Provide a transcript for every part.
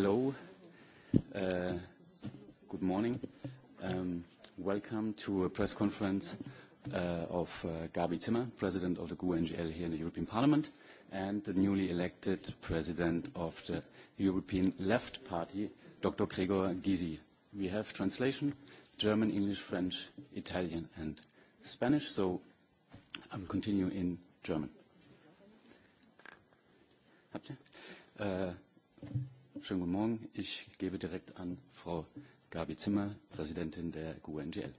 Hello. Uh, good morning. Um, welcome to a press conference uh, of uh, Gabi Zimmer, President of the GU NGL here in the European Parliament, and the newly elected President of the European Left Party, Dr. Gregor Gysi. We have translation, German, English, French, Italian, and Spanish, so I will continue in German. Uh, Schönen guten Morgen. Ich gebe direkt an Frau Gabi Zimmer, Präsidentin der GUNGL.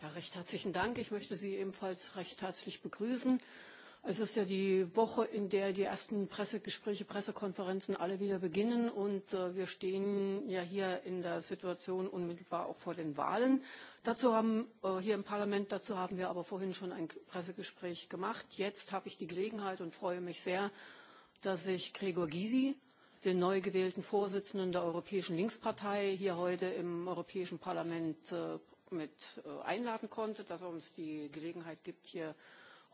Ja, recht herzlichen Dank. Ich möchte Sie ebenfalls recht herzlich begrüßen. Es ist ja die Woche, in der die ersten Pressegespräche, Pressekonferenzen alle wieder beginnen. Und äh, wir stehen ja hier in der Situation unmittelbar auch vor den Wahlen. Dazu haben, äh, hier im Parlament, dazu haben wir aber vorhin schon ein Pressegespräch gemacht. Jetzt habe ich die Gelegenheit und freue mich sehr, dass ich Gregor Gysi den neu gewählten Vorsitzenden der Europäischen Linkspartei hier heute im Europäischen Parlament äh, mit äh, einladen konnte, dass er uns die Gelegenheit gibt, hier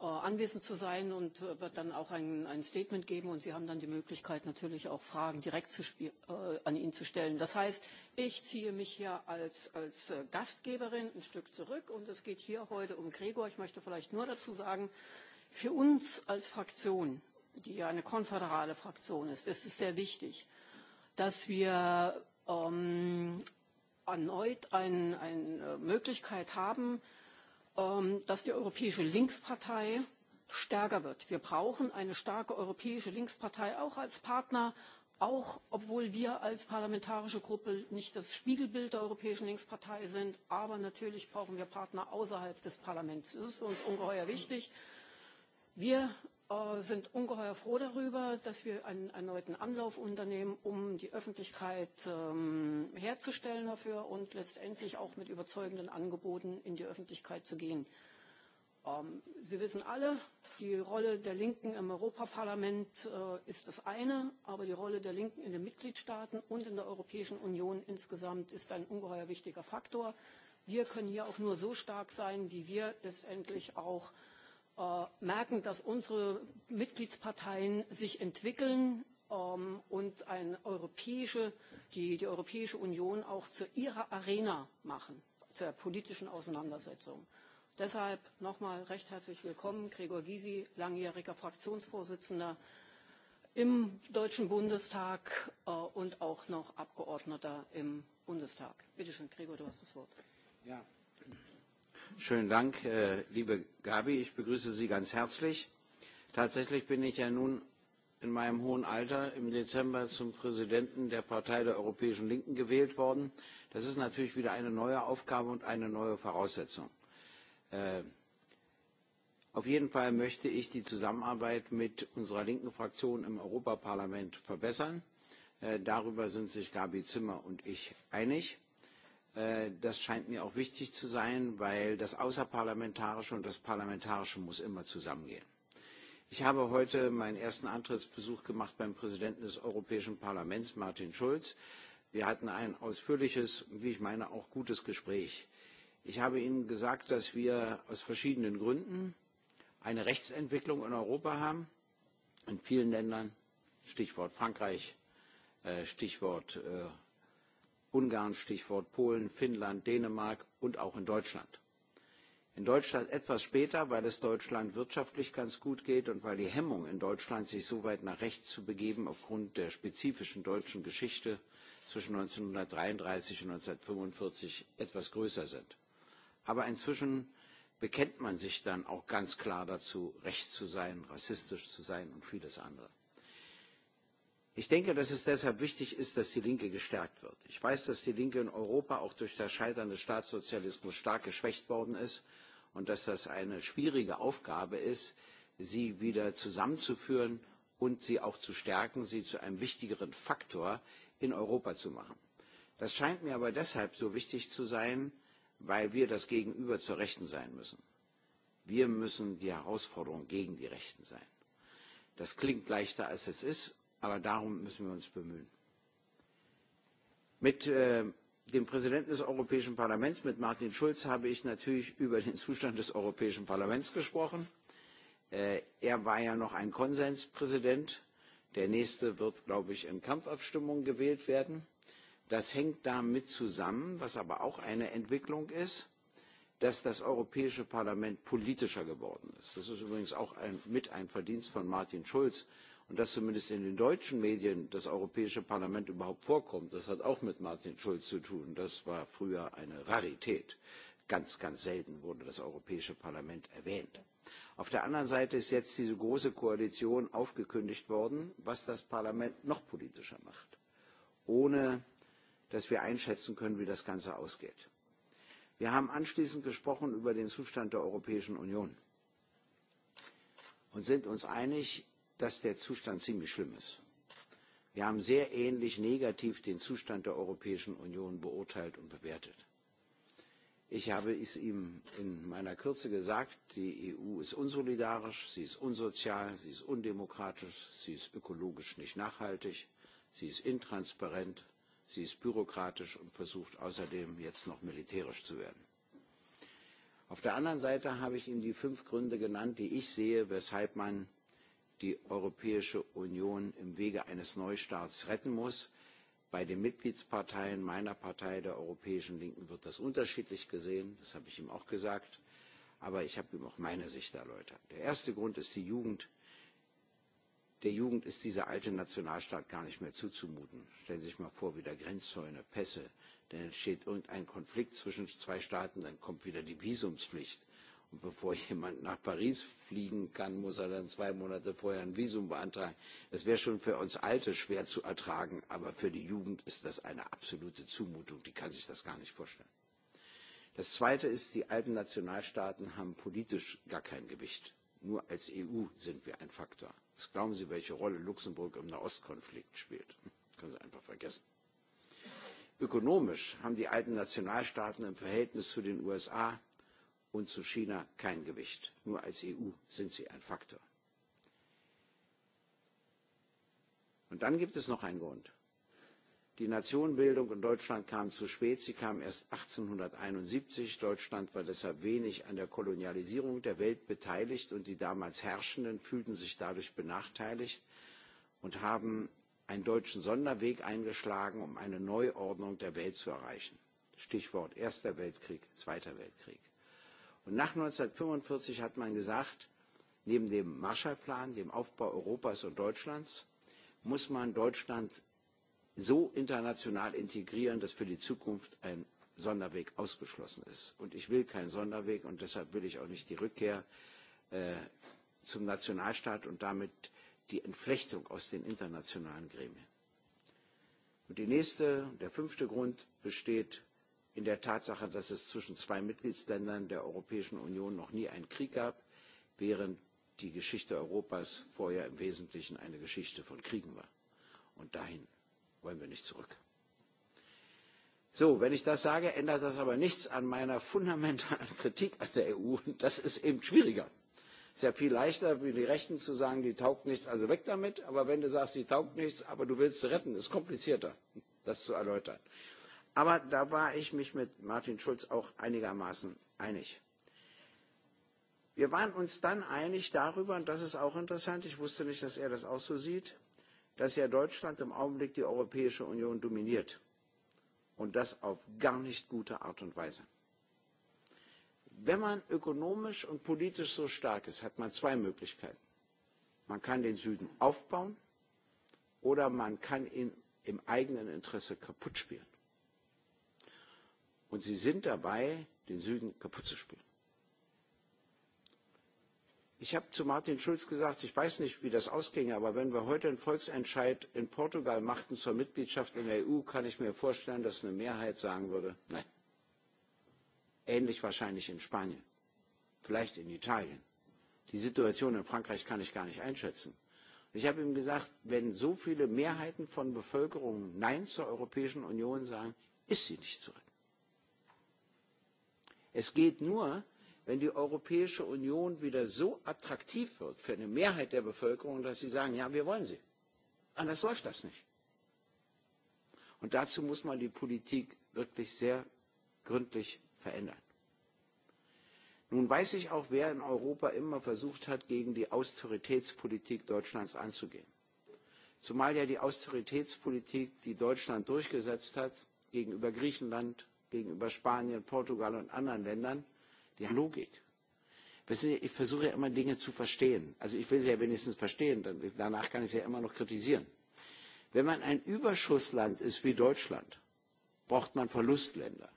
äh, anwesend zu sein und wird dann auch ein, ein Statement geben. Und Sie haben dann die Möglichkeit, natürlich auch Fragen direkt zu, äh, an ihn zu stellen. Das heißt, ich ziehe mich hier als, als Gastgeberin ein Stück zurück. Und es geht hier heute um Gregor. Ich möchte vielleicht nur dazu sagen, für uns als Fraktion die ja eine konföderale Fraktion ist, ist es sehr wichtig, dass wir ähm, erneut ein, eine äh, Möglichkeit haben, ähm, dass die Europäische Linkspartei stärker wird. Wir brauchen eine starke Europäische Linkspartei auch als Partner, auch obwohl wir als parlamentarische Gruppe nicht das Spiegelbild der Europäischen Linkspartei sind. Aber natürlich brauchen wir Partner außerhalb des Parlaments. Das ist für uns ungeheuer wichtig. Wir Äh, sind ungeheuer froh darüber, dass wir einen erneuten Anlauf unternehmen, um die Öffentlichkeit ähm, herzustellen dafür und letztendlich auch mit überzeugenden Angeboten in die Öffentlichkeit zu gehen. Ähm, Sie wissen alle, die Rolle der Linken im Europaparlament äh, ist das eine, aber die Rolle der Linken in den Mitgliedstaaten und in der Europäischen Union insgesamt ist ein ungeheuer wichtiger Faktor. Wir können hier auch nur so stark sein, wie wir letztendlich auch Äh, merken, dass unsere Mitgliedsparteien sich entwickeln ähm, und eine europäische, die, die Europäische Union auch zu ihrer Arena machen, zur politischen Auseinandersetzung. Deshalb nochmal recht herzlich willkommen, Gregor Gysi, langjähriger Fraktionsvorsitzender im Deutschen Bundestag äh, und auch noch Abgeordneter im Bundestag. Bitte schön, Gregor, du hast das Wort. Ja, Schönen Dank, äh, liebe Gabi. Ich begrüße Sie ganz herzlich. Tatsächlich bin ich ja nun in meinem hohen Alter im Dezember zum Präsidenten der Partei der Europäischen Linken gewählt worden. Das ist natürlich wieder eine neue Aufgabe und eine neue Voraussetzung. Äh, auf jeden Fall möchte ich die Zusammenarbeit mit unserer linken Fraktion im Europaparlament verbessern. Äh, darüber sind sich Gabi Zimmer und ich einig Äh, das scheint mir auch wichtig zu sein, weil das Außerparlamentarische und das Parlamentarische muss immer zusammengehen. Ich habe heute meinen ersten Antrittsbesuch gemacht beim Präsidenten des Europäischen Parlaments, Martin Schulz. Wir hatten ein ausführliches, wie ich meine, auch gutes Gespräch. Ich habe Ihnen gesagt, dass wir aus verschiedenen Gründen eine Rechtsentwicklung in Europa haben, in vielen Ländern, Stichwort Frankreich, äh, Stichwort äh, Ungarn, Stichwort Polen, Finnland, Dänemark und auch in Deutschland. In Deutschland etwas später, weil es Deutschland wirtschaftlich ganz gut geht und weil die Hemmung in Deutschland, sich so weit nach rechts zu begeben, aufgrund der spezifischen deutschen Geschichte zwischen 1933 und 1945 etwas größer sind. Aber inzwischen bekennt man sich dann auch ganz klar dazu, rechts zu sein, rassistisch zu sein und vieles andere. Ich denke, dass es deshalb wichtig ist, dass die Linke gestärkt wird. Ich weiß, dass die Linke in Europa auch durch das Scheitern des Staatssozialismus stark geschwächt worden ist und dass das eine schwierige Aufgabe ist, sie wieder zusammenzuführen und sie auch zu stärken, sie zu einem wichtigeren Faktor in Europa zu machen. Das scheint mir aber deshalb so wichtig zu sein, weil wir das Gegenüber zur Rechten sein müssen. Wir müssen die Herausforderung gegen die Rechten sein. Das klingt leichter, als es ist Aber darum müssen wir uns bemühen. Mit äh, dem Präsidenten des Europäischen Parlaments, mit Martin Schulz, habe ich natürlich über den Zustand des Europäischen Parlaments gesprochen. Äh, er war ja noch ein Konsenspräsident. Der nächste wird, glaube ich, in Kampfabstimmung gewählt werden. Das hängt damit zusammen, was aber auch eine Entwicklung ist, dass das Europäische Parlament politischer geworden ist. Das ist übrigens auch ein, mit ein Verdienst von Martin Schulz und dass zumindest in den deutschen medien das europäische parlament überhaupt vorkommt das hat auch mit martin schulz zu tun das war früher eine rarität ganz ganz selten wurde das europäische parlament erwähnt. auf der anderen seite ist jetzt diese große koalition aufgekündigt worden was das parlament noch politischer macht ohne dass wir einschätzen können wie das ganze ausgeht. wir haben anschließend gesprochen über den zustand der europäischen union und sind uns einig dass der Zustand ziemlich schlimm ist. Wir haben sehr ähnlich negativ den Zustand der Europäischen Union beurteilt und bewertet. Ich habe es ihm in meiner Kürze gesagt, die EU ist unsolidarisch, sie ist unsozial, sie ist undemokratisch, sie ist ökologisch nicht nachhaltig, sie ist intransparent, sie ist bürokratisch und versucht außerdem jetzt noch militärisch zu werden. Auf der anderen Seite habe ich ihm die fünf Gründe genannt, die ich sehe, weshalb man die Europäische Union im Wege eines Neustarts retten muss. Bei den Mitgliedsparteien meiner Partei, der Europäischen Linken, wird das unterschiedlich gesehen. Das habe ich ihm auch gesagt. Aber ich habe ihm auch meine Sicht erläutert. Der erste Grund ist die Jugend. Der Jugend ist dieser alte Nationalstaat gar nicht mehr zuzumuten. Stellen Sie sich mal vor, wieder Grenzzäune, Pässe. Dann entsteht irgendein Konflikt zwischen zwei Staaten, dann kommt wieder die Visumspflicht Und bevor jemand nach Paris fliegen kann, muss er dann zwei Monate vorher ein Visum beantragen. Das wäre schon für uns Alte schwer zu ertragen, aber für die Jugend ist das eine absolute Zumutung. Die kann sich das gar nicht vorstellen. Das Zweite ist, die alten Nationalstaaten haben politisch gar kein Gewicht. Nur als EU sind wir ein Faktor. Was glauben Sie, welche Rolle Luxemburg im Nahostkonflikt spielt? Das hm, können Sie einfach vergessen. Ökonomisch haben die alten Nationalstaaten im Verhältnis zu den USA und zu China kein Gewicht. Nur als EU sind sie ein Faktor. Und dann gibt es noch einen Grund. Die Nationenbildung in Deutschland kam zu spät. Sie kam erst 1871. Deutschland war deshalb wenig an der Kolonialisierung der Welt beteiligt und die damals Herrschenden fühlten sich dadurch benachteiligt und haben einen deutschen Sonderweg eingeschlagen, um eine Neuordnung der Welt zu erreichen. Stichwort Erster Weltkrieg, Zweiter Weltkrieg. Und nach 1945 hat man gesagt, neben dem Marshallplan, dem Aufbau Europas und Deutschlands, muss man Deutschland so international integrieren, dass für die Zukunft ein Sonderweg ausgeschlossen ist. Und ich will keinen Sonderweg und deshalb will ich auch nicht die Rückkehr äh, zum Nationalstaat und damit die Entflechtung aus den internationalen Gremien. Und die nächste, der fünfte Grund besteht in der Tatsache, dass es zwischen zwei Mitgliedsländern der Europäischen Union noch nie einen Krieg gab, während die Geschichte Europas vorher im Wesentlichen eine Geschichte von Kriegen war. Und dahin wollen wir nicht zurück. So, wenn ich das sage, ändert das aber nichts an meiner fundamentalen Kritik an der EU. Und das ist eben schwieriger. Es ist ja viel leichter für die Rechten zu sagen, die taugt nichts, also weg damit. Aber wenn du sagst, die taugt nichts, aber du willst sie retten, ist komplizierter, das zu erläutern. Aber da war ich mich mit Martin Schulz auch einigermaßen einig. Wir waren uns dann einig darüber, und das ist auch interessant, ich wusste nicht, dass er das auch so sieht, dass ja Deutschland im Augenblick die Europäische Union dominiert. Und das auf gar nicht gute Art und Weise. Wenn man ökonomisch und politisch so stark ist, hat man zwei Möglichkeiten. Man kann den Süden aufbauen oder man kann ihn im eigenen Interesse kaputt spielen. Und sie sind dabei, den Süden kaputt zu spielen. Ich habe zu Martin Schulz gesagt, ich weiß nicht, wie das ausginge, aber wenn wir heute einen Volksentscheid in Portugal machten zur Mitgliedschaft in der EU, kann ich mir vorstellen, dass eine Mehrheit sagen würde, nein. Ähnlich wahrscheinlich in Spanien, vielleicht in Italien. Die Situation in Frankreich kann ich gar nicht einschätzen. Ich habe ihm gesagt, wenn so viele Mehrheiten von Bevölkerung Nein zur Europäischen Union sagen, ist sie nicht zurück es geht nur wenn die europäische union wieder so attraktiv wird für eine mehrheit der bevölkerung dass sie sagen ja wir wollen sie. anders läuft das nicht. und dazu muss man die politik wirklich sehr gründlich verändern. nun weiß ich auch wer in europa immer versucht hat gegen die austeritätspolitik deutschlands anzugehen zumal ja die austeritätspolitik die deutschland durchgesetzt hat gegenüber griechenland gegenüber Spanien, Portugal und anderen Ländern, die haben Logik. Wissen Sie, ich versuche ja immer Dinge zu verstehen. Also ich will sie ja wenigstens verstehen, dann, danach kann ich sie ja immer noch kritisieren. Wenn man ein Überschussland ist wie Deutschland, braucht man Verlustländer.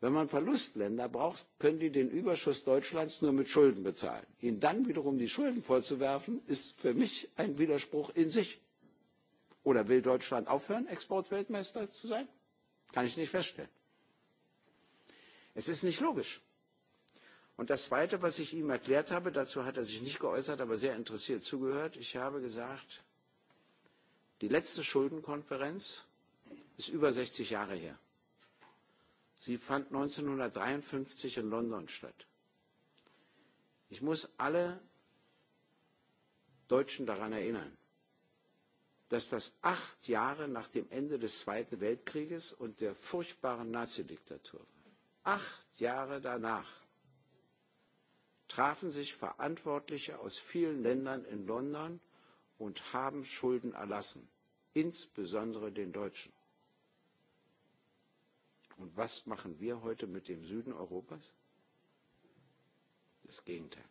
Wenn man Verlustländer braucht, können die den Überschuss Deutschlands nur mit Schulden bezahlen. Ihnen dann wiederum die Schulden vorzuwerfen, ist für mich ein Widerspruch in sich. Oder will Deutschland aufhören, Exportweltmeister zu sein? Kann ich nicht feststellen. Es ist nicht logisch. Und das Zweite, was ich ihm erklärt habe, dazu hat er sich nicht geäußert, aber sehr interessiert zugehört, ich habe gesagt, die letzte Schuldenkonferenz ist über 60 Jahre her. Sie fand 1953 in London statt. Ich muss alle Deutschen daran erinnern, dass das acht Jahre nach dem Ende des Zweiten Weltkrieges und der furchtbaren Nazidiktatur war. Acht Jahre danach trafen sich Verantwortliche aus vielen Ländern in London und haben Schulden erlassen, insbesondere den Deutschen. Und was machen wir heute mit dem Süden Europas? Das Gegenteil.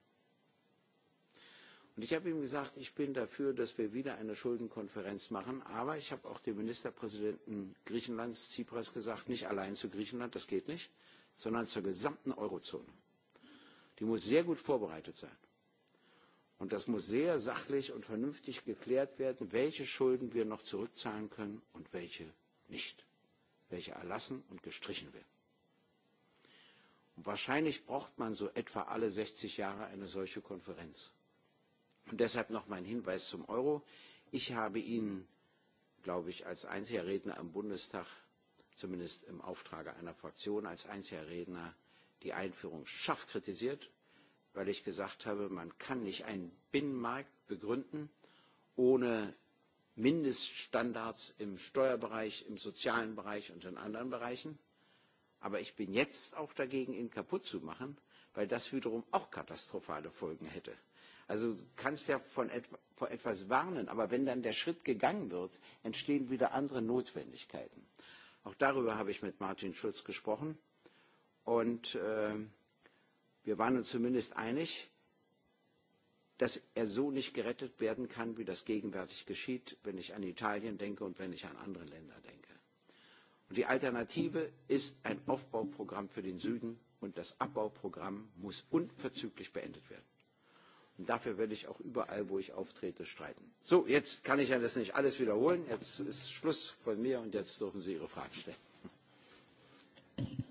Und ich habe ihm gesagt, ich bin dafür, dass wir wieder eine Schuldenkonferenz machen. Aber ich habe auch dem Ministerpräsidenten Griechenlands, Tsipras, gesagt, nicht allein zu Griechenland, das geht nicht, sondern zur gesamten Eurozone. Die muss sehr gut vorbereitet sein. Und das muss sehr sachlich und vernünftig geklärt werden, welche Schulden wir noch zurückzahlen können und welche nicht, welche erlassen und gestrichen werden. Und wahrscheinlich braucht man so etwa alle sechzig Jahre eine solche Konferenz Und deshalb noch mein Hinweis zum Euro. Ich habe Ihnen, glaube ich, als einziger Redner im Bundestag, zumindest im Auftrage einer Fraktion, als einziger Redner die Einführung scharf kritisiert, weil ich gesagt habe, man kann nicht einen Binnenmarkt begründen, ohne Mindeststandards im Steuerbereich, im sozialen Bereich und in anderen Bereichen. Aber ich bin jetzt auch dagegen, ihn kaputt zu machen, weil das wiederum auch katastrophale Folgen hätte. Also du kannst ja von et vor etwas warnen, aber wenn dann der Schritt gegangen wird, entstehen wieder andere Notwendigkeiten. Auch darüber habe ich mit Martin Schulz gesprochen und äh, wir waren uns zumindest einig, dass er so nicht gerettet werden kann, wie das gegenwärtig geschieht, wenn ich an Italien denke und wenn ich an andere Länder denke. Und die Alternative ist ein Aufbauprogramm für den Süden und das Abbauprogramm muss unverzüglich beendet werden. Und dafür werde ich auch überall, wo ich auftrete, streiten. So, jetzt kann ich ja das nicht alles wiederholen. Jetzt ist Schluss von mir und jetzt dürfen Sie Ihre Fragen stellen.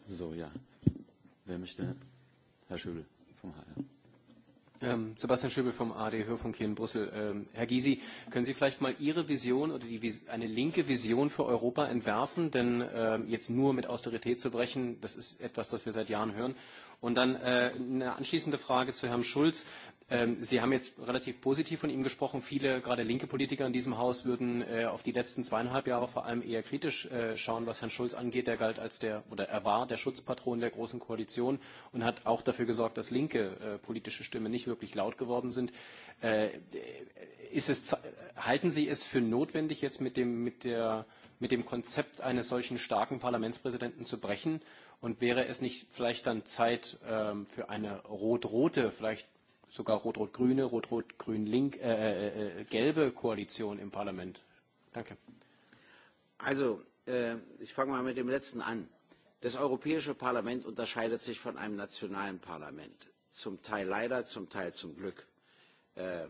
So, ja. Wer möchte? Herr Schöbel vom HR. Ähm, Sebastian Schöbel vom AD Hörfunk hier in Brüssel. Ähm, Herr Gysi, können Sie vielleicht mal Ihre Vision oder die, eine linke Vision für Europa entwerfen? Denn ähm, jetzt nur mit Austerität zu brechen, das ist etwas, das wir seit Jahren hören. Und dann äh, eine anschließende Frage zu Herrn Schulz. Ähm, Sie haben jetzt relativ positiv von ihm gesprochen. Viele, gerade linke Politiker in diesem Haus, würden äh, auf die letzten zweieinhalb Jahre vor allem eher kritisch äh, schauen, was Herrn Schulz angeht. Er galt als der, oder er war der Schutzpatron der Großen Koalition und hat auch dafür gesorgt, dass linke äh, politische Stimmen nicht wirklich laut geworden sind. Ist es, halten Sie es für notwendig, jetzt mit dem, mit, der, mit dem Konzept eines solchen starken Parlamentspräsidenten zu brechen? Und wäre es nicht vielleicht dann Zeit ähm, für eine rot-rote, vielleicht sogar rot-rot-grüne, rot-rot-grün-link, äh äh, äh, äh, gelbe Koalition im Parlament? Danke. Also, äh, ich fange mal mit dem letzten an. Das Europäische Parlament unterscheidet sich von einem nationalen Parlament. Zum Teil leider, zum Teil zum Glück. Äh,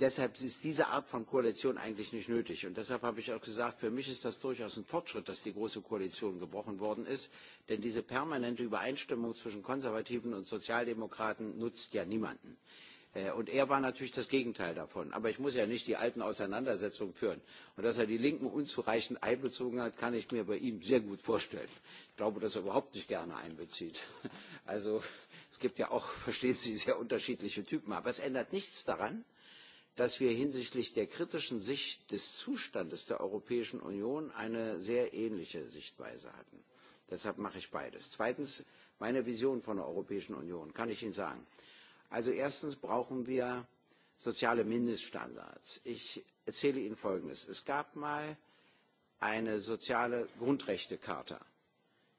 deshalb ist diese Art von Koalition eigentlich nicht nötig. Und deshalb habe ich auch gesagt, für mich ist das durchaus ein Fortschritt, dass die Große Koalition gebrochen worden ist. Denn diese permanente Übereinstimmung zwischen Konservativen und Sozialdemokraten nutzt ja niemanden. Äh, und er war natürlich das Gegenteil davon. Aber ich muss ja nicht die alten Auseinandersetzungen führen. Und dass er die Linken unzureichend einbezogen hat, kann ich mir bei ihm sehr gut vorstellen. Ich glaube, dass er überhaupt nicht gerne einbezieht. Also es gibt ja auch, verstehen Sie, sehr unterschiedliche Typen. Aber es ändert nichts daran, dass wir hinsichtlich der kritischen Sicht des Zustandes der Europäischen Union eine sehr ähnliche Sichtweise hatten. Deshalb mache ich beides. Zweitens, meine Vision von der Europäischen Union, kann ich Ihnen sagen. Also erstens brauchen wir soziale Mindeststandards. Ich erzähle Ihnen Folgendes. Es gab mal eine soziale Grundrechtecharta.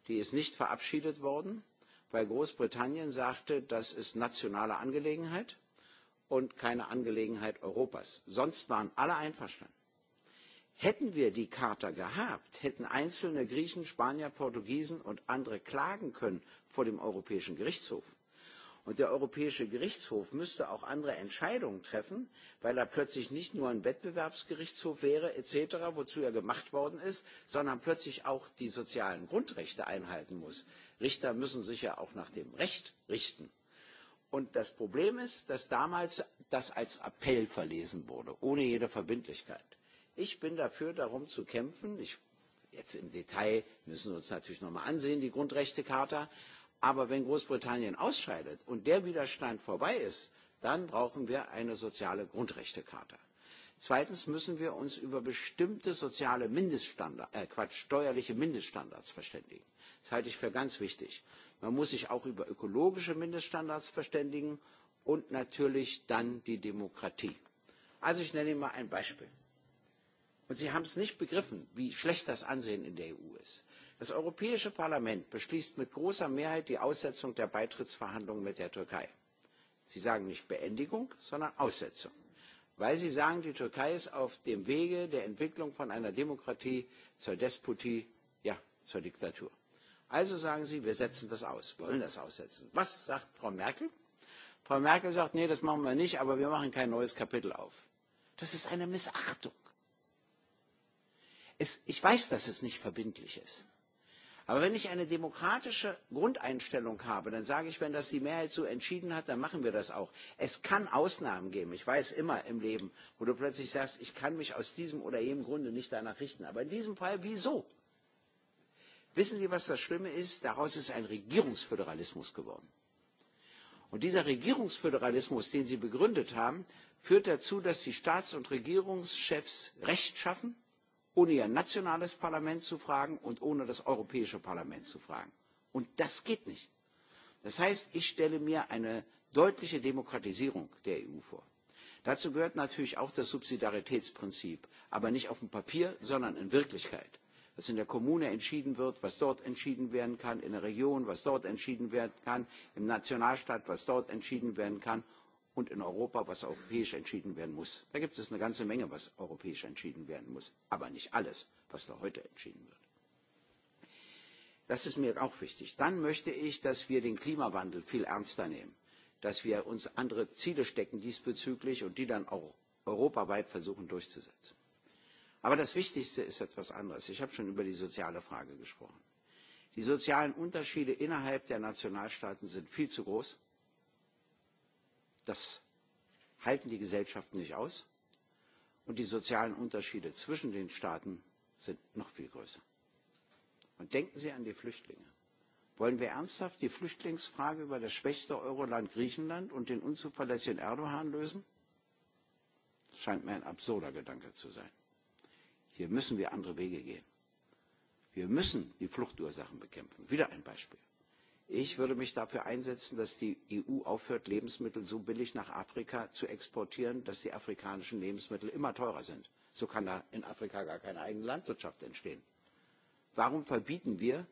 Die ist nicht verabschiedet worden, weil Großbritannien sagte, das ist nationale Angelegenheit und keine Angelegenheit Europas. Sonst waren alle einverstanden. Hätten wir die Charta gehabt, hätten einzelne Griechen, Spanier, Portugiesen und andere klagen können vor dem Europäischen Gerichtshof. Und der Europäische Gerichtshof müsste auch andere Entscheidungen treffen, weil er plötzlich nicht nur ein Wettbewerbsgerichtshof wäre etc., wozu er gemacht worden ist, sondern plötzlich auch die sozialen Grundrechte einhalten muss. Richter müssen sich ja auch nach dem Recht richten Und das Problem ist, dass damals das als Appell verlesen wurde, ohne jede Verbindlichkeit. Ich bin dafür, darum zu kämpfen. Ich, jetzt im Detail müssen wir uns natürlich nochmal ansehen, die Grundrechtecharta. Aber wenn Großbritannien ausscheidet und der Widerstand vorbei ist, dann brauchen wir eine soziale Grundrechtecharta. Zweitens müssen wir uns über bestimmte soziale Mindeststandards, äh Quatsch, steuerliche Mindeststandards verständigen. Das halte ich für ganz wichtig. Man muss sich auch über ökologische Mindeststandards verständigen und natürlich dann die Demokratie. Also ich nenne Ihnen mal ein Beispiel. Und Sie haben es nicht begriffen, wie schlecht das Ansehen in der EU ist. Das Europäische Parlament beschließt mit großer Mehrheit die Aussetzung der Beitrittsverhandlungen mit der Türkei. Sie sagen nicht Beendigung, sondern Aussetzung, weil Sie sagen, die Türkei ist auf dem Wege der Entwicklung von einer Demokratie zur Despotie, ja, zur Diktatur. Also sagen Sie, wir setzen das aus, wollen das aussetzen. Was sagt Frau Merkel? Frau Merkel sagt, nee, das machen wir nicht, aber wir machen kein neues Kapitel auf. Das ist eine Missachtung. Es, ich weiß, dass es nicht verbindlich ist. Aber wenn ich eine demokratische Grundeinstellung habe, dann sage ich, wenn das die Mehrheit so entschieden hat, dann machen wir das auch. Es kann Ausnahmen geben. Ich weiß immer im Leben, wo du plötzlich sagst, ich kann mich aus diesem oder jenem Grunde nicht danach richten. Aber in diesem Fall, wieso? Wissen Sie, was das Schlimme ist? Daraus ist ein Regierungsföderalismus geworden. Und dieser Regierungsföderalismus, den Sie begründet haben, führt dazu, dass die Staats- und Regierungschefs Recht schaffen, ohne ihr nationales Parlament zu fragen und ohne das Europäische Parlament zu fragen. Und das geht nicht. Das heißt, ich stelle mir eine deutliche Demokratisierung der EU vor. Dazu gehört natürlich auch das Subsidiaritätsprinzip, aber nicht auf dem Papier, sondern in Wirklichkeit dass in der kommune entschieden wird was dort entschieden werden kann in der region was dort entschieden werden kann im nationalstaat was dort entschieden werden kann und in europa was europäisch entschieden werden muss. da gibt es eine ganze menge was europäisch entschieden werden muss aber nicht alles was da heute entschieden wird. das ist mir auch wichtig. dann möchte ich dass wir den klimawandel viel ernster nehmen dass wir uns andere ziele stecken diesbezüglich und die dann auch europaweit versuchen durchzusetzen aber das wichtigste ist etwas anderes ich habe schon über die soziale frage gesprochen. die sozialen unterschiede innerhalb der nationalstaaten sind viel zu groß das halten die gesellschaften nicht aus und die sozialen unterschiede zwischen den staaten sind noch viel größer. und denken sie an die flüchtlinge wollen wir ernsthaft die flüchtlingsfrage über das schwächste euroland griechenland und den unzuverlässigen erdoan lösen? das scheint mir ein absurder gedanke zu sein. Hier müssen wir andere Wege gehen. Wir müssen die Fluchtursachen bekämpfen. Wieder ein Beispiel. Ich würde mich dafür einsetzen, dass die EU aufhört, Lebensmittel so billig nach Afrika zu exportieren, dass die afrikanischen Lebensmittel immer teurer sind. So kann da in Afrika gar keine eigene Landwirtschaft entstehen. Warum verbieten wir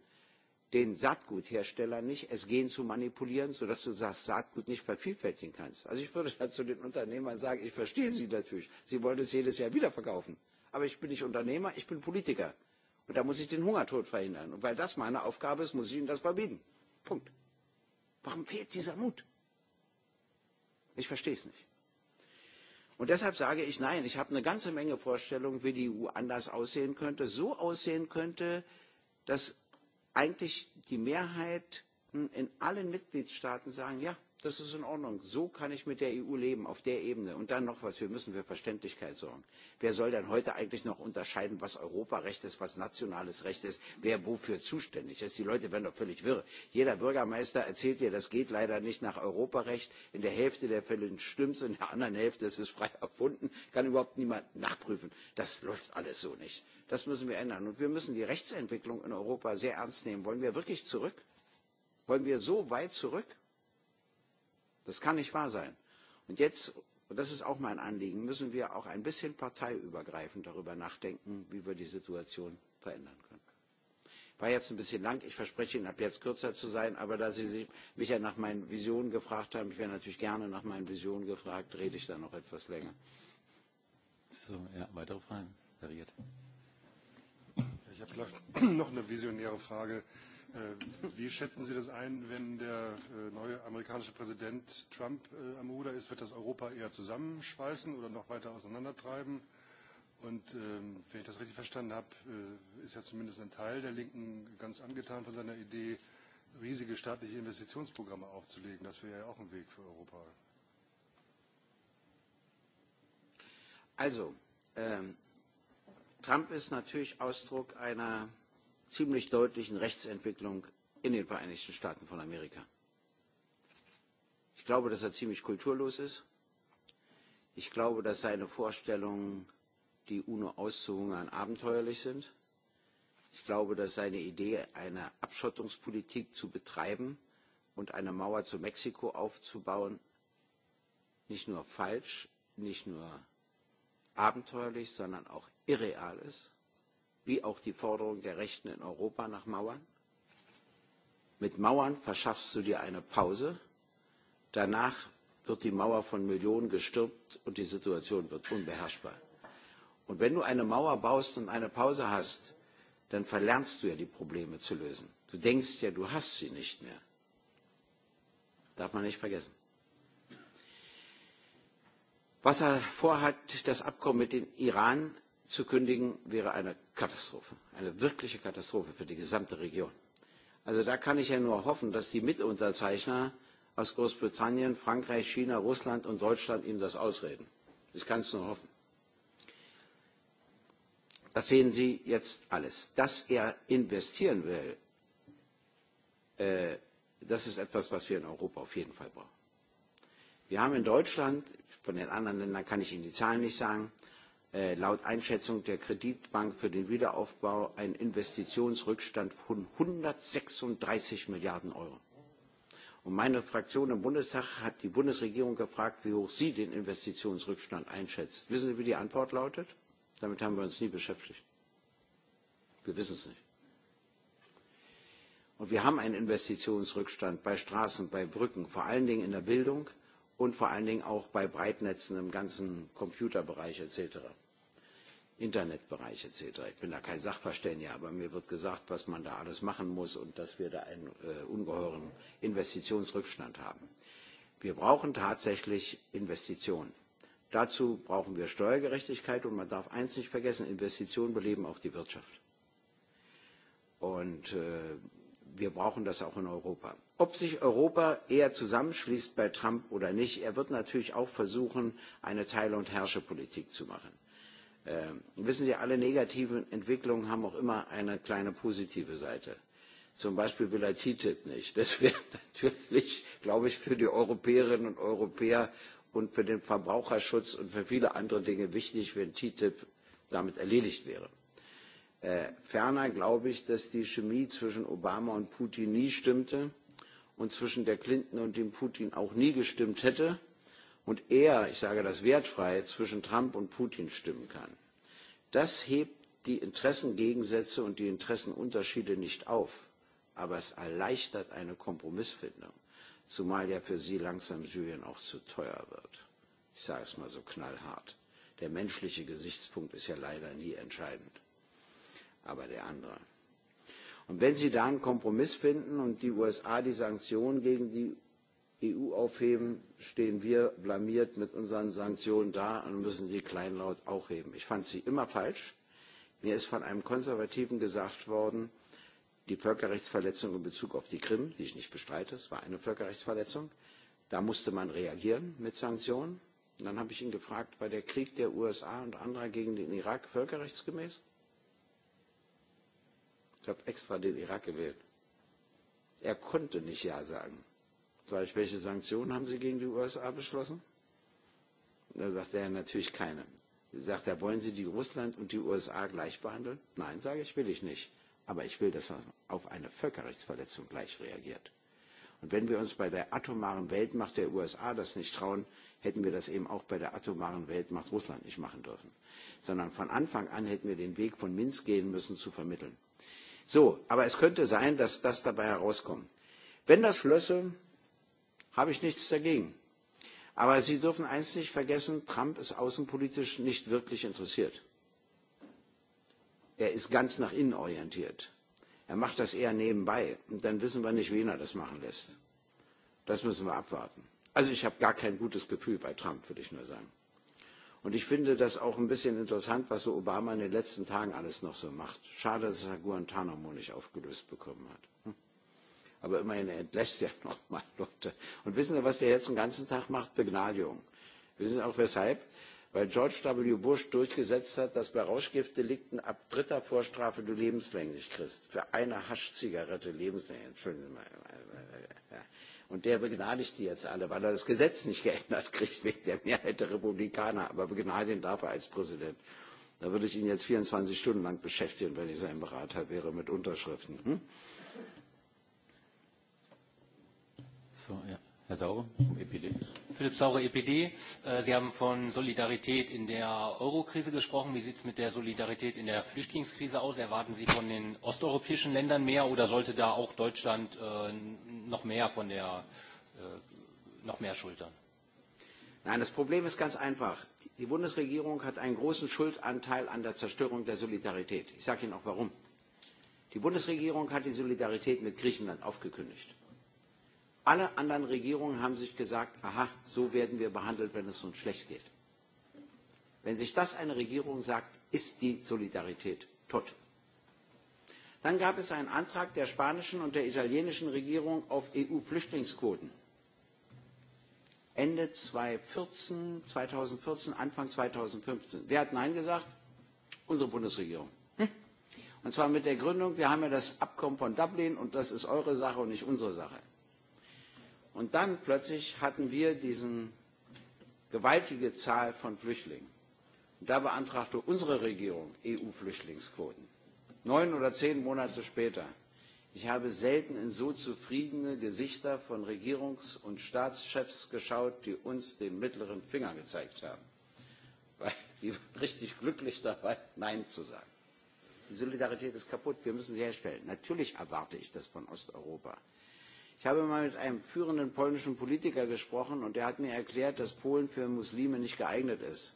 den Saatgutherstellern nicht, es gen zu manipulieren, sodass du das Saatgut nicht vervielfältigen kannst? Also ich würde dazu den Unternehmern sagen, ich verstehe Sie natürlich. Sie wollen es jedes Jahr wieder verkaufen aber ich bin nicht Unternehmer, ich bin Politiker. Und da muss ich den Hungertod verhindern. Und weil das meine Aufgabe ist, muss ich Ihnen das verbieten. Punkt. Warum fehlt dieser Mut? Ich verstehe es nicht. Und deshalb sage ich nein, ich habe eine ganze Menge Vorstellungen, wie die EU anders aussehen könnte, so aussehen könnte, dass eigentlich die Mehrheit in allen Mitgliedstaaten sagen, ja, Das ist in Ordnung. So kann ich mit der EU leben, auf der Ebene. Und dann noch was, wir müssen für Verständlichkeit sorgen. Wer soll denn heute eigentlich noch unterscheiden, was Europarecht ist, was nationales Recht ist, wer wofür zuständig ist? Die Leute werden doch völlig wirr. Jeder Bürgermeister erzählt dir, das geht leider nicht nach Europarecht. In der Hälfte der Fälle stimmt es, in der anderen Hälfte ist es frei erfunden, kann überhaupt niemand nachprüfen. Das läuft alles so nicht. Das müssen wir ändern. Und wir müssen die Rechtsentwicklung in Europa sehr ernst nehmen. Wollen wir wirklich zurück? Wollen wir so weit zurück? das kann nicht wahr sein. und jetzt und das ist auch mein anliegen müssen wir auch ein bisschen parteiübergreifend darüber nachdenken wie wir die situation verändern können. war jetzt ein bisschen lang ich verspreche ihnen ab jetzt kürzer zu sein aber da sie mich ja nach meinen visionen gefragt haben ich wäre natürlich gerne nach meinen visionen gefragt rede ich dann noch etwas länger. So, ja, weitere Fragen, Herr Riet. Ich habe vielleicht noch eine visionäre Frage. Äh, wie schätzen Sie das ein, wenn der äh, neue amerikanische Präsident Trump äh, am Ruder ist? Wird das Europa eher zusammenschweißen oder noch weiter auseinandertreiben? Und ähm, wenn ich das richtig verstanden habe, ist ja er zumindest ein Teil der Linken ganz angetan von seiner Idee, riesige staatliche Investitionsprogramme aufzulegen. Das wäre ja auch ein Weg für Europa. Also, ähm, Trump ist natürlich Ausdruck einer ziemlich deutlichen Rechtsentwicklung in den Vereinigten Staaten von Amerika. Ich glaube, dass er ziemlich kulturlos ist. Ich glaube, dass seine Vorstellungen, die UNO auszuhungern, abenteuerlich sind. Ich glaube, dass seine Idee, eine Abschottungspolitik zu betreiben und eine Mauer zu Mexiko aufzubauen, nicht nur falsch, nicht nur abenteuerlich, sondern auch irreal ist, wie auch die Forderung der Rechten in Europa nach Mauern. Mit Mauern verschaffst du dir eine Pause, danach wird die Mauer von Millionen gestürmt und die Situation wird unbeherrschbar. Und wenn du eine Mauer baust und eine Pause hast, dann verlernst du ja die Probleme zu lösen. Du denkst ja, du hast sie nicht mehr. Darf man nicht vergessen. Was er vorhat, das Abkommen mit dem Iran zu kündigen, wäre eine Katastrophe, eine wirkliche Katastrophe für die gesamte Region. Also da kann ich ja nur hoffen, dass die Mitunterzeichner aus Großbritannien, Frankreich, China, Russland und Deutschland ihm das ausreden. Ich kann es nur hoffen. Das sehen Sie jetzt alles. Dass er investieren will, äh, das ist etwas, was wir in Europa auf jeden Fall brauchen wir haben in deutschland von den anderen ländern kann ich ihnen die zahlen nicht sagen äh, laut einschätzung der kreditbank für den wiederaufbau einen investitionsrückstand von 136 milliarden euro. Und meine Fraktion im Bundestag hat die Bundesregierung gefragt, wie hoch sie den Investitionsrückstand einschätzt. Wissen Sie, wie die Antwort lautet? Damit haben wir uns nie beschäftigt. Wir wissen es nicht. Und wir haben einen Investitionsrückstand bei Straßen, bei Brücken, vor allen Dingen in der Bildung, und vor allen Dingen auch bei Breitnetzen im ganzen Computerbereich etc., Internetbereich etc. Ich bin da kein Sachverständiger, aber mir wird gesagt, was man da alles machen muss und dass wir da einen äh, ungeheuren Investitionsrückstand haben. Wir brauchen tatsächlich Investitionen. Dazu brauchen wir Steuergerechtigkeit und man darf eines nicht vergessen, Investitionen beleben auch die Wirtschaft. Und äh, wir brauchen das auch in Europa. Ob sich Europa eher zusammenschließt bei Trump oder nicht, er wird natürlich auch versuchen, eine Teile- und Herrscherpolitik zu machen. Ähm, wissen Sie, alle negativen Entwicklungen haben auch immer eine kleine positive Seite. Zum Beispiel will er TTIP nicht. Das wäre natürlich, glaube ich, für die Europäerinnen und Europäer und für den Verbraucherschutz und für viele andere Dinge wichtig, wenn TTIP damit erledigt wäre. Äh, ferner glaube ich, dass die Chemie zwischen Obama und Putin nie stimmte und zwischen der Clinton und dem Putin auch nie gestimmt hätte und eher, ich sage das wertfrei, zwischen Trump und Putin stimmen kann. Das hebt die Interessengegensätze und die Interessenunterschiede nicht auf, aber es erleichtert eine Kompromissfindung, zumal ja für sie langsam Syrien auch zu teuer wird. Ich sage es mal so knallhart. Der menschliche Gesichtspunkt ist ja leider nie entscheidend aber der andere. Und wenn Sie da einen Kompromiss finden und die USA die Sanktionen gegen die EU aufheben, stehen wir blamiert mit unseren Sanktionen da und müssen die kleinlaut auch heben. Ich fand sie immer falsch. Mir ist von einem Konservativen gesagt worden, die Völkerrechtsverletzung in Bezug auf die Krim, die ich nicht bestreite, es war eine Völkerrechtsverletzung, da musste man reagieren mit Sanktionen. Und dann habe ich ihn gefragt, war der Krieg der USA und anderer gegen den Irak völkerrechtsgemäß? Ich habe extra den Irak gewählt. Er konnte nicht Ja sagen. Sag ich, welche Sanktionen haben Sie gegen die USA beschlossen? Und da sagte er natürlich keine. Sagt er, wollen Sie die Russland und die USA gleich behandeln? Nein, sage ich, will ich nicht. Aber ich will, dass man auf eine Völkerrechtsverletzung gleich reagiert. Und wenn wir uns bei der atomaren Weltmacht der USA das nicht trauen, hätten wir das eben auch bei der atomaren Weltmacht Russland nicht machen dürfen. Sondern von Anfang an hätten wir den Weg von Minsk gehen müssen zu vermitteln. So, aber es könnte sein, dass das dabei herauskommt. Wenn das flösse, habe ich nichts dagegen. Aber Sie dürfen eines nicht vergessen, Trump ist außenpolitisch nicht wirklich interessiert. Er ist ganz nach innen orientiert. Er macht das eher nebenbei. Und dann wissen wir nicht, wen er das machen lässt. Das müssen wir abwarten. Also ich habe gar kein gutes Gefühl bei Trump, würde ich nur sagen. Und ich finde das auch ein bisschen interessant, was so Obama in den letzten Tagen alles noch so macht. Schade, dass er Guantanamo nicht aufgelöst bekommen hat. Hm. Aber immerhin, er entlässt ja noch mal Leute. Und wissen Sie, was der jetzt den ganzen Tag macht? Begnadigung. Wissen Sie auch weshalb? Weil George W. Bush durchgesetzt hat, dass bei Rauschgiftdelikten ab dritter Vorstrafe du lebenslänglich kriegst. Für eine Haschzigarette lebenslänglich. Entschuldigen Sie mal, Und der begnadigt die jetzt alle, weil er das Gesetz nicht geändert kriegt wegen der Mehrheit der Republikaner. Aber begnadigen ihn darf er als Präsident. Da würde ich ihn jetzt 24 Stunden lang beschäftigen, wenn ich sein Berater wäre mit Unterschriften. Hm? So, ja. Herr Sauer vom e EPD. Philipp Sauer, EPD. Äh, Sie haben von Solidarität in der Eurokrise gesprochen. Wie sieht es mit der Solidarität in der Flüchtlingskrise aus? Erwarten Sie von den osteuropäischen Ländern mehr oder sollte da auch Deutschland äh, noch mehr von der äh, noch mehr schultern? Nein, das Problem ist ganz einfach. Die Bundesregierung hat einen großen Schuldanteil an der Zerstörung der Solidarität. Ich sage Ihnen auch warum. Die Bundesregierung hat die Solidarität mit Griechenland aufgekündigt. Alle anderen Regierungen haben sich gesagt, aha, so werden wir behandelt, wenn es uns schlecht geht. Wenn sich das eine Regierung sagt, ist die Solidarität tot. Dann gab es einen Antrag der spanischen und der italienischen Regierung auf EU-Flüchtlingsquoten. Ende 2014, 2014, Anfang 2015. Wer hat Nein gesagt? Unsere Bundesregierung. Und zwar mit der Gründung, wir haben ja das Abkommen von Dublin und das ist eure Sache und nicht unsere Sache. Und dann plötzlich hatten wir diese gewaltige Zahl von Flüchtlingen. Und da beantragte unsere Regierung EU-Flüchtlingsquoten. Neun oder zehn Monate später. Ich habe selten in so zufriedene Gesichter von Regierungs- und Staatschefs geschaut, die uns den mittleren Finger gezeigt haben. Weil die waren richtig glücklich dabei, Nein zu sagen. Die Solidarität ist kaputt, wir müssen sie herstellen. Natürlich erwarte ich das von Osteuropa. Ich habe mal mit einem führenden polnischen Politiker gesprochen und der hat mir erklärt, dass Polen für Muslime nicht geeignet ist.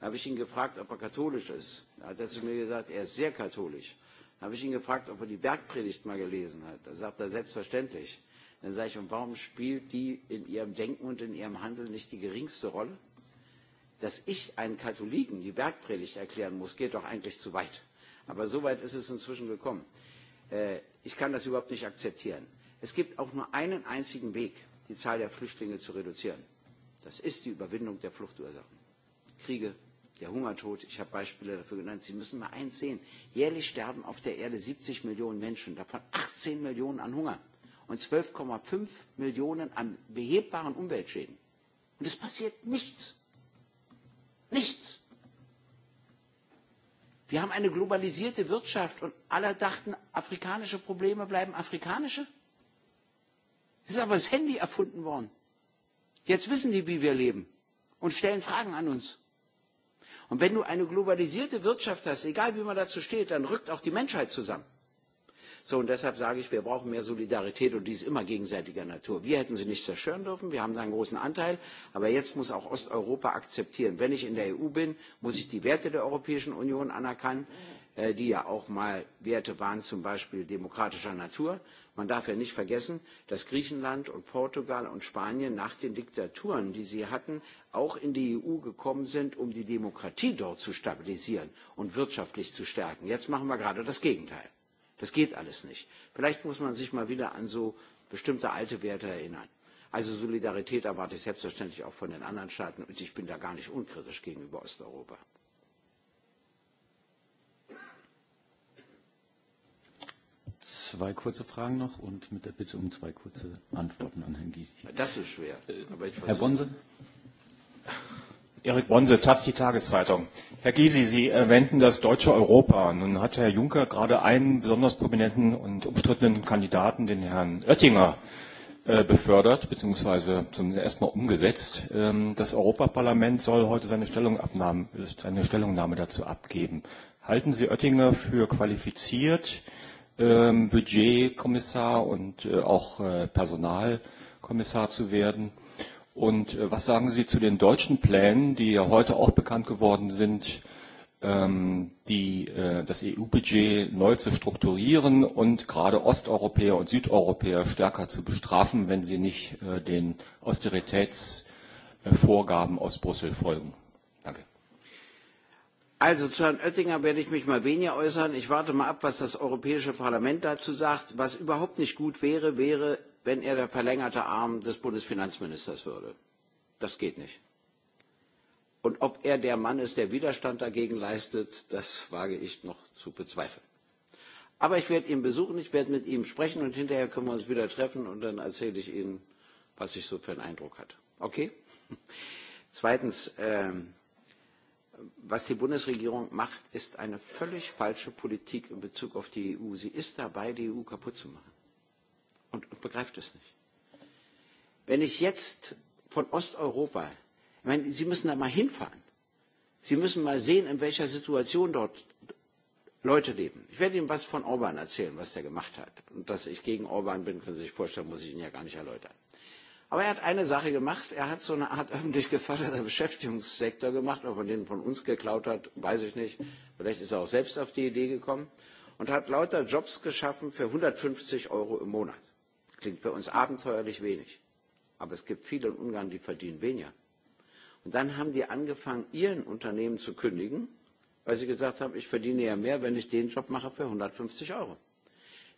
Da habe ich ihn gefragt, ob er katholisch ist. Da hat er zu mir gesagt, er ist sehr katholisch. Da habe ich ihn gefragt, ob er die Bergpredigt mal gelesen hat. Da sagt er selbstverständlich. Dann sage ich, und warum spielt die in ihrem Denken und in ihrem Handeln nicht die geringste Rolle? Dass ich einen Katholiken die Bergpredigt erklären muss, geht doch eigentlich zu weit. Aber so weit ist es inzwischen gekommen. Äh, ich kann das überhaupt nicht akzeptieren es gibt auch nur einen einzigen Weg, die Zahl der Flüchtlinge zu reduzieren. Das ist die Überwindung der Fluchtursachen. Kriege, der Hungertod, ich habe Beispiele dafür genannt. Sie müssen mal eins sehen. Jährlich sterben auf der Erde 70 Millionen Menschen, davon 18 Millionen an Hunger und 12,5 Millionen an behebbaren Umweltschäden. Und es passiert nichts. Nichts. Wir haben eine globalisierte Wirtschaft und alle dachten, afrikanische Probleme bleiben afrikanische. Es ist aber das Handy erfunden worden. Jetzt wissen die, wie wir leben und stellen Fragen an uns. Und wenn du eine globalisierte Wirtschaft hast, egal wie man dazu steht, dann rückt auch die Menschheit zusammen. So, und deshalb sage ich, wir brauchen mehr Solidarität und die ist immer gegenseitiger Natur. Wir hätten sie nicht zerstören dürfen, wir haben da einen großen Anteil, aber jetzt muss auch Osteuropa akzeptieren. Wenn ich in der EU bin, muss ich die Werte der Europäischen Union anerkennen, äh, die ja auch mal Werte waren, zum Beispiel demokratischer Natur. Man darf ja nicht vergessen, dass Griechenland und Portugal und Spanien nach den Diktaturen, die sie hatten, auch in die EU gekommen sind, um die Demokratie dort zu stabilisieren und wirtschaftlich zu stärken. Jetzt machen wir gerade das Gegenteil. Das geht alles nicht. Vielleicht muss man sich mal wieder an so bestimmte alte Werte erinnern. Also Solidarität erwarte ich selbstverständlich auch von den anderen Staaten und ich bin da gar nicht unkritisch gegenüber Osteuropa. zwei kurze Fragen noch und mit der Bitte um zwei kurze Antworten an Herrn Gysi. Das ist schwer. Aber ich Herr Bonse. Erik Bonse, Taz, die Tageszeitung. Herr Gysi, Sie erwähnten das deutsche Europa. Nun hat Herr Juncker gerade einen besonders prominenten und umstrittenen Kandidaten, den Herrn Oettinger, äh, befördert bzw. zum ersten Mal umgesetzt. Ähm, das Europaparlament soll heute seine, abnahmen, seine Stellungnahme dazu abgeben. Halten Sie Oettinger für qualifiziert? ähm, Budgetkommissar und äh, auch äh, Personalkommissar zu werden. Und äh, was sagen Sie zu den deutschen Plänen, die ja heute auch bekannt geworden sind, ähm, die, äh, das EU-Budget neu zu strukturieren und gerade Osteuropäer und Südeuropäer stärker zu bestrafen, wenn sie nicht äh, den Austeritätsvorgaben aus Brüssel folgen? Danke. Also zu Herrn Oettinger werde ich mich mal weniger äußern. Ich warte mal ab, was das Europäische Parlament dazu sagt. Was überhaupt nicht gut wäre, wäre, wenn er der verlängerte Arm des Bundesfinanzministers würde. Das geht nicht. Und ob er der Mann ist, der Widerstand dagegen leistet, das wage ich noch zu bezweifeln. Aber ich werde ihn besuchen, ich werde mit ihm sprechen und hinterher können wir uns wieder treffen und dann erzähle ich Ihnen, was ich so für einen Eindruck hatte. Okay? Zweitens, ähm, was die Bundesregierung macht, ist eine völlig falsche Politik in Bezug auf die EU. Sie ist dabei, die EU kaputt zu machen und, und begreift es nicht. Wenn ich jetzt von Osteuropa, ich meine, Sie müssen da mal hinfahren. Sie müssen mal sehen, in welcher Situation dort Leute leben. Ich werde Ihnen was von Orban erzählen, was der gemacht hat. Und dass ich gegen Orban bin, können Sie sich vorstellen, muss ich Ihnen ja gar nicht erläutern. Aber er hat eine Sache gemacht, er hat so eine Art öffentlich geförderter Beschäftigungssektor gemacht, ob er den von uns geklaut hat, weiß ich nicht. Vielleicht ist er auch selbst auf die Idee gekommen und hat lauter Jobs geschaffen für 150 Euro im Monat. Klingt für uns abenteuerlich wenig. Aber es gibt viele in Ungarn, die verdienen weniger. Und dann haben die angefangen, ihren Unternehmen zu kündigen, weil sie gesagt haben, ich verdiene ja mehr, wenn ich den Job mache für 150 Euro.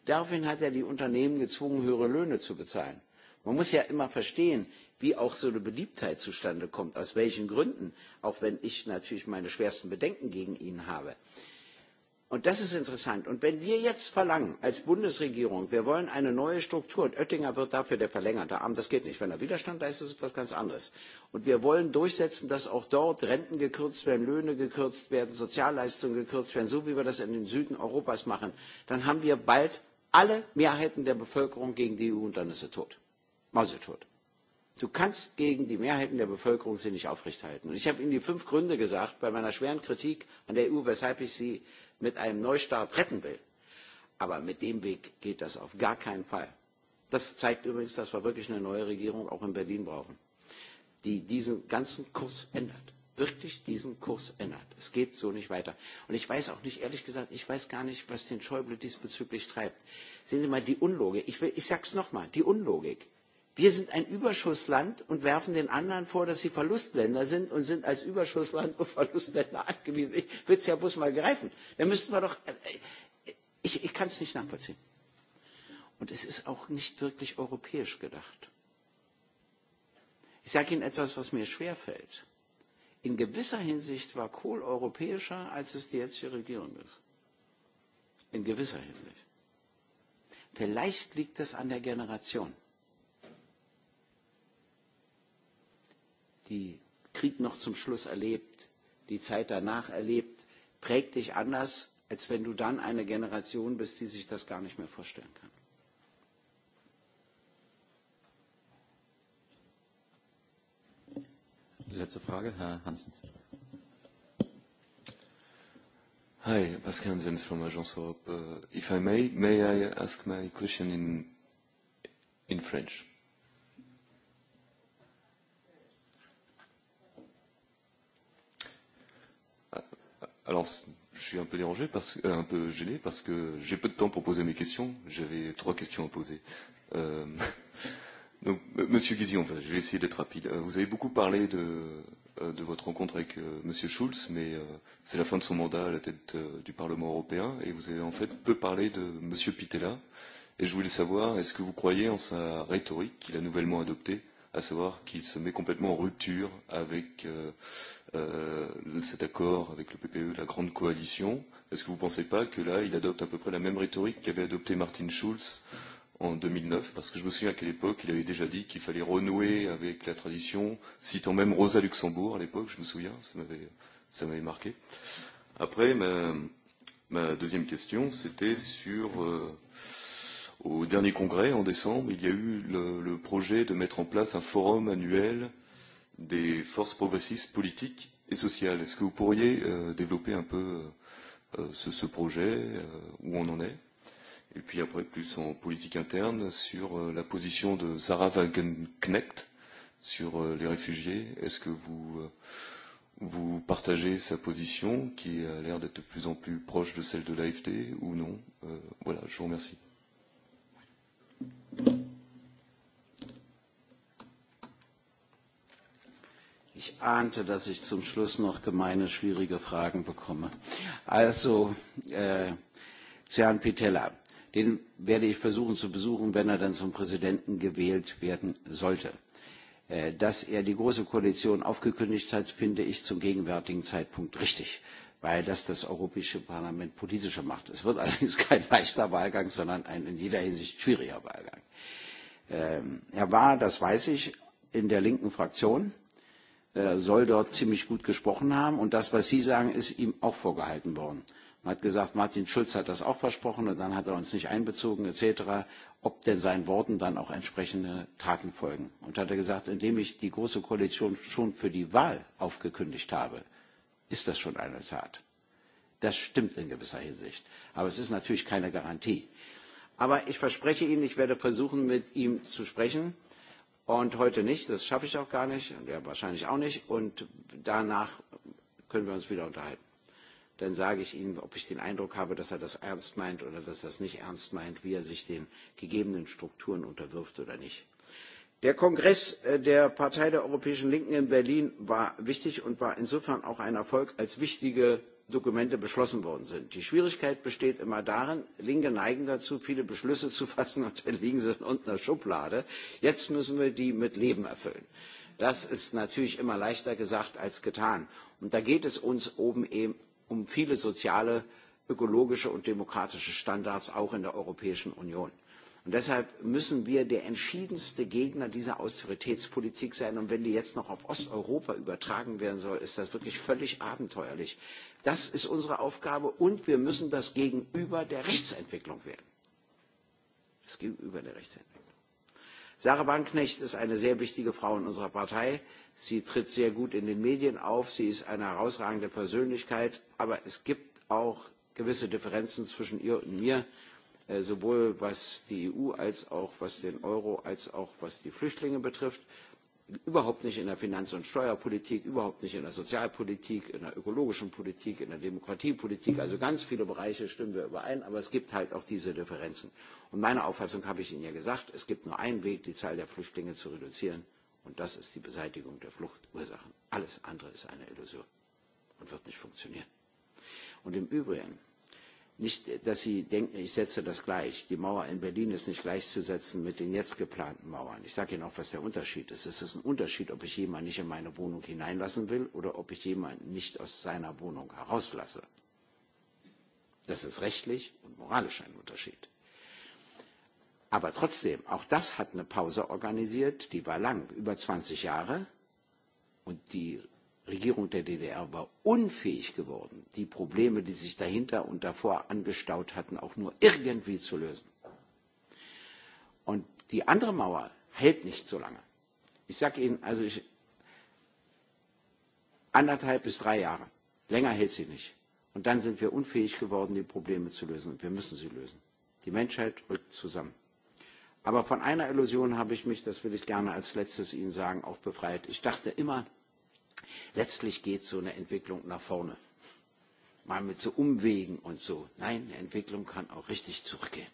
Daraufhin hat er die Unternehmen gezwungen, höhere Löhne zu bezahlen. Man muss ja immer verstehen, wie auch so eine Beliebtheit zustande kommt, aus welchen Gründen, auch wenn ich natürlich meine schwersten Bedenken gegen ihn habe. Und das ist interessant. Und wenn wir jetzt verlangen, als Bundesregierung, wir wollen eine neue Struktur, und Oettinger wird dafür der verlängerte Arm, das geht nicht. Wenn er Widerstand leistet, ist es etwas ganz anderes. Und wir wollen durchsetzen, dass auch dort Renten gekürzt werden, Löhne gekürzt werden, Sozialleistungen gekürzt werden, so wie wir das in den Süden Europas machen, dann haben wir bald alle Mehrheiten der Bevölkerung gegen die EU und dann ist sie er tot. Mausetot. Du kannst gegen die Mehrheiten der Bevölkerung sie nicht aufrechthalten. Und ich habe Ihnen die fünf Gründe gesagt bei meiner schweren Kritik an der EU, weshalb ich sie mit einem Neustart retten will. Aber mit dem Weg geht das auf gar keinen Fall. Das zeigt übrigens, dass wir wirklich eine neue Regierung auch in Berlin brauchen, die diesen ganzen Kurs ändert. Wirklich diesen Kurs ändert. Es geht so nicht weiter. Und ich weiß auch nicht, ehrlich gesagt, ich weiß gar nicht, was den Schäuble diesbezüglich treibt. Sehen Sie mal die Unlogik. Ich, ich sage es nochmal, die Unlogik wir sind ein überschussland und werfen den anderen vor dass sie verlustländer sind und sind als überschussland auf verlustländer angewiesen. ich will es ja bloß mal greifen. da müssten wir doch äh, ich, ich kann es nicht nachvollziehen. und es ist auch nicht wirklich europäisch gedacht. ich sage ihnen etwas was mir schwer fällt. in gewisser hinsicht war kohl europäischer als es die jetzige regierung ist. in gewisser hinsicht. vielleicht liegt das an der generation die Krieg noch zum Schluss erlebt, die Zeit danach erlebt, prägt dich anders, als wenn du dann eine Generation bist, die sich das gar nicht mehr vorstellen kann. Letzte Frage, Herr Hansen. Hi, Pascal Hansens from Agence Europe. Uh, if I may, may I ask my question in, in French? Alors, je suis un peu dérangé, parce, euh, un peu gêné, parce que j'ai peu de temps pour poser mes questions. J'avais trois questions à poser. Euh, donc, euh, Monsieur fait, je vais essayer d'être rapide. Euh, vous avez beaucoup parlé de, euh, de votre rencontre avec euh, Monsieur Schulz, mais euh, c'est la fin de son mandat à la tête euh, du Parlement européen, et vous avez en fait peu parlé de Monsieur Pitella. Et je voulais savoir, est-ce que vous croyez en sa rhétorique qu'il a nouvellement adoptée, à savoir qu'il se met complètement en rupture avec euh, Euh, cet accord avec le PPE, la grande coalition. Est-ce que vous ne pensez pas que là, il adopte à peu près la même rhétorique qu'avait adoptée Martin Schulz en 2009 Parce que je me souviens qu'à l'époque, il avait déjà dit qu'il fallait renouer avec la tradition, citant même Rosa Luxembourg à l'époque, je me souviens, ça m'avait marqué. Après, ma, ma deuxième question, c'était sur... Euh, au dernier congrès en décembre, il y a eu le, le projet de mettre en place un forum annuel euh, des forces progressistes politiques et sociales. Est-ce que vous pourriez euh, développer un peu euh, euh ce, ce projet, euh, où on en est Et puis après, plus en politique interne, sur euh, la position de Sarah Wagenknecht sur euh, les réfugiés. Est-ce que vous, euh, vous partagez sa position, qui a l'air d'être de plus en plus proche de celle de l'AFD, ou non euh, Voilà, je vous remercie. Thank you. Ich ahnte, dass ich zum Schluss noch gemeine, schwierige Fragen bekomme. Also äh, zu Herrn Pitella. Den werde ich versuchen zu besuchen, wenn er dann zum Präsidenten gewählt werden sollte. Äh, dass er die Große Koalition aufgekündigt hat, finde ich zum gegenwärtigen Zeitpunkt richtig, weil das das Europäische Parlament politischer macht. Es wird allerdings kein leichter Wahlgang, sondern ein in jeder Hinsicht schwieriger Wahlgang. Ähm, er war, das weiß ich, in der linken Fraktion Äh, soll dort ziemlich gut gesprochen haben. Und das, was Sie sagen, ist ihm auch vorgehalten worden. Man hat gesagt, Martin Schulz hat das auch versprochen und dann hat er uns nicht einbezogen etc., ob denn seinen Worten dann auch entsprechende Taten folgen. Und hat er gesagt, indem ich die Große Koalition schon für die Wahl aufgekündigt habe, ist das schon eine Tat. Das stimmt in gewisser Hinsicht. Aber es ist natürlich keine Garantie. Aber ich verspreche Ihnen, ich werde versuchen, mit ihm zu sprechen und heute nicht. Das schaffe ich auch gar nicht und ja, er wahrscheinlich auch nicht. Und danach können wir uns wieder unterhalten. Dann sage ich Ihnen, ob ich den Eindruck habe, dass er das ernst meint oder dass er das nicht ernst meint, wie er sich den gegebenen Strukturen unterwirft oder nicht. Der Kongress äh, der Partei der Europäischen Linken in Berlin war wichtig und war insofern auch ein Erfolg, als wichtige Dokumente beschlossen worden sind. Die Schwierigkeit besteht immer darin, Linke neigen dazu, viele Beschlüsse zu fassen und dann liegen sie in der Schublade. Jetzt müssen wir die mit Leben erfüllen. Das ist natürlich immer leichter gesagt als getan. Und da geht es uns oben eben um viele soziale, ökologische und demokratische Standards auch in der Europäischen Union. Und deshalb müssen wir der entschiedenste Gegner dieser Austeritätspolitik sein. Und wenn die jetzt noch auf Osteuropa übertragen werden soll, ist das wirklich völlig abenteuerlich. Das ist unsere Aufgabe und wir müssen das gegenüber der Rechtsentwicklung werden. Das gegenüber der Rechtsentwicklung. Sarah Wagenknecht ist eine sehr wichtige Frau in unserer Partei. Sie tritt sehr gut in den Medien auf. Sie ist eine herausragende Persönlichkeit. Aber es gibt auch gewisse Differenzen zwischen ihr und mir. Äh, sowohl was die EU als auch was den Euro als auch was die Flüchtlinge betrifft überhaupt nicht in der Finanz- und Steuerpolitik, überhaupt nicht in der Sozialpolitik, in der ökologischen Politik, in der Demokratiepolitik. Also ganz viele Bereiche stimmen wir überein, aber es gibt halt auch diese Differenzen. Und meine Auffassung habe ich Ihnen ja gesagt, es gibt nur einen Weg, die Zahl der Flüchtlinge zu reduzieren, und das ist die Beseitigung der Fluchtursachen. Alles andere ist eine Illusion und wird nicht funktionieren. Und im Übrigen, Nicht, dass Sie denken, ich setze das gleich. Die Mauer in Berlin ist nicht gleichzusetzen mit den jetzt geplanten Mauern. Ich sage Ihnen auch, was der Unterschied ist. Es ist ein Unterschied, ob ich jemanden nicht in meine Wohnung hineinlassen will oder ob ich jemanden nicht aus seiner Wohnung herauslasse. Das ist rechtlich und moralisch ein Unterschied. Aber trotzdem, auch das hat eine Pause organisiert, die war lang, über zwanzig Jahre. Und die Regierung der DDR war unfähig geworden, die Probleme, die sich dahinter und davor angestaut hatten, auch nur irgendwie zu lösen. Und die andere Mauer hält nicht so lange. Ich sage Ihnen, also ich, anderthalb bis drei Jahre. Länger hält sie nicht. Und dann sind wir unfähig geworden, die Probleme zu lösen. Und wir müssen sie lösen. Die Menschheit rückt zusammen. Aber von einer Illusion habe ich mich, das will ich gerne als letztes Ihnen sagen, auch befreit. Ich dachte immer, Letztlich geht so eine Entwicklung nach vorne. Mal mit so Umwegen und so. Nein, eine Entwicklung kann auch richtig zurückgehen.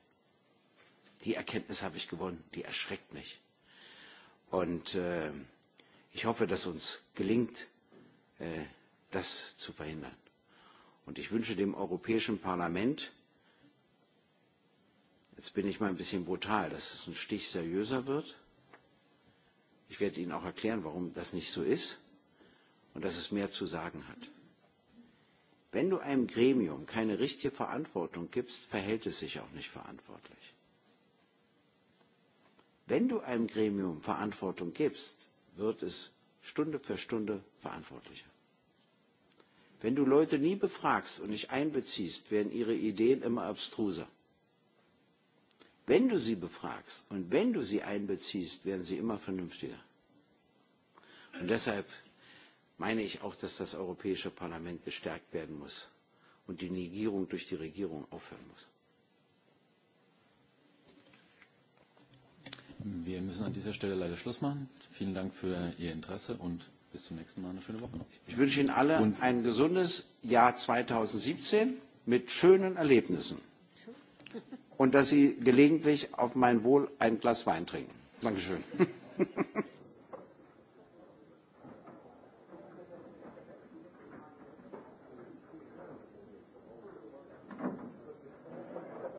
Die Erkenntnis habe ich gewonnen, die erschreckt mich. Und äh, ich hoffe, dass uns gelingt, äh, das zu verhindern. Und ich wünsche dem Europäischen Parlament, jetzt bin ich mal ein bisschen brutal, dass es ein Stich seriöser wird. Ich werde Ihnen auch erklären, warum das nicht so ist und dass es mehr zu sagen hat. Wenn du einem Gremium keine richtige Verantwortung gibst, verhält es sich auch nicht verantwortlich. Wenn du einem Gremium Verantwortung gibst, wird es Stunde für Stunde verantwortlicher. Wenn du Leute nie befragst und nicht einbeziehst, werden ihre Ideen immer abstruser. Wenn du sie befragst und wenn du sie einbeziehst, werden sie immer vernünftiger. Und deshalb meine ich auch, dass das Europäische Parlament gestärkt werden muss und die Negierung durch die Regierung aufhören muss. Wir müssen an dieser Stelle leider Schluss machen. Vielen Dank für Ihr Interesse und bis zum nächsten Mal eine schöne Woche noch. Ich wünsche Ihnen alle und ein gesundes Jahr 2017 mit schönen Erlebnissen und dass Sie gelegentlich auf mein Wohl ein Glas Wein trinken. Dankeschön.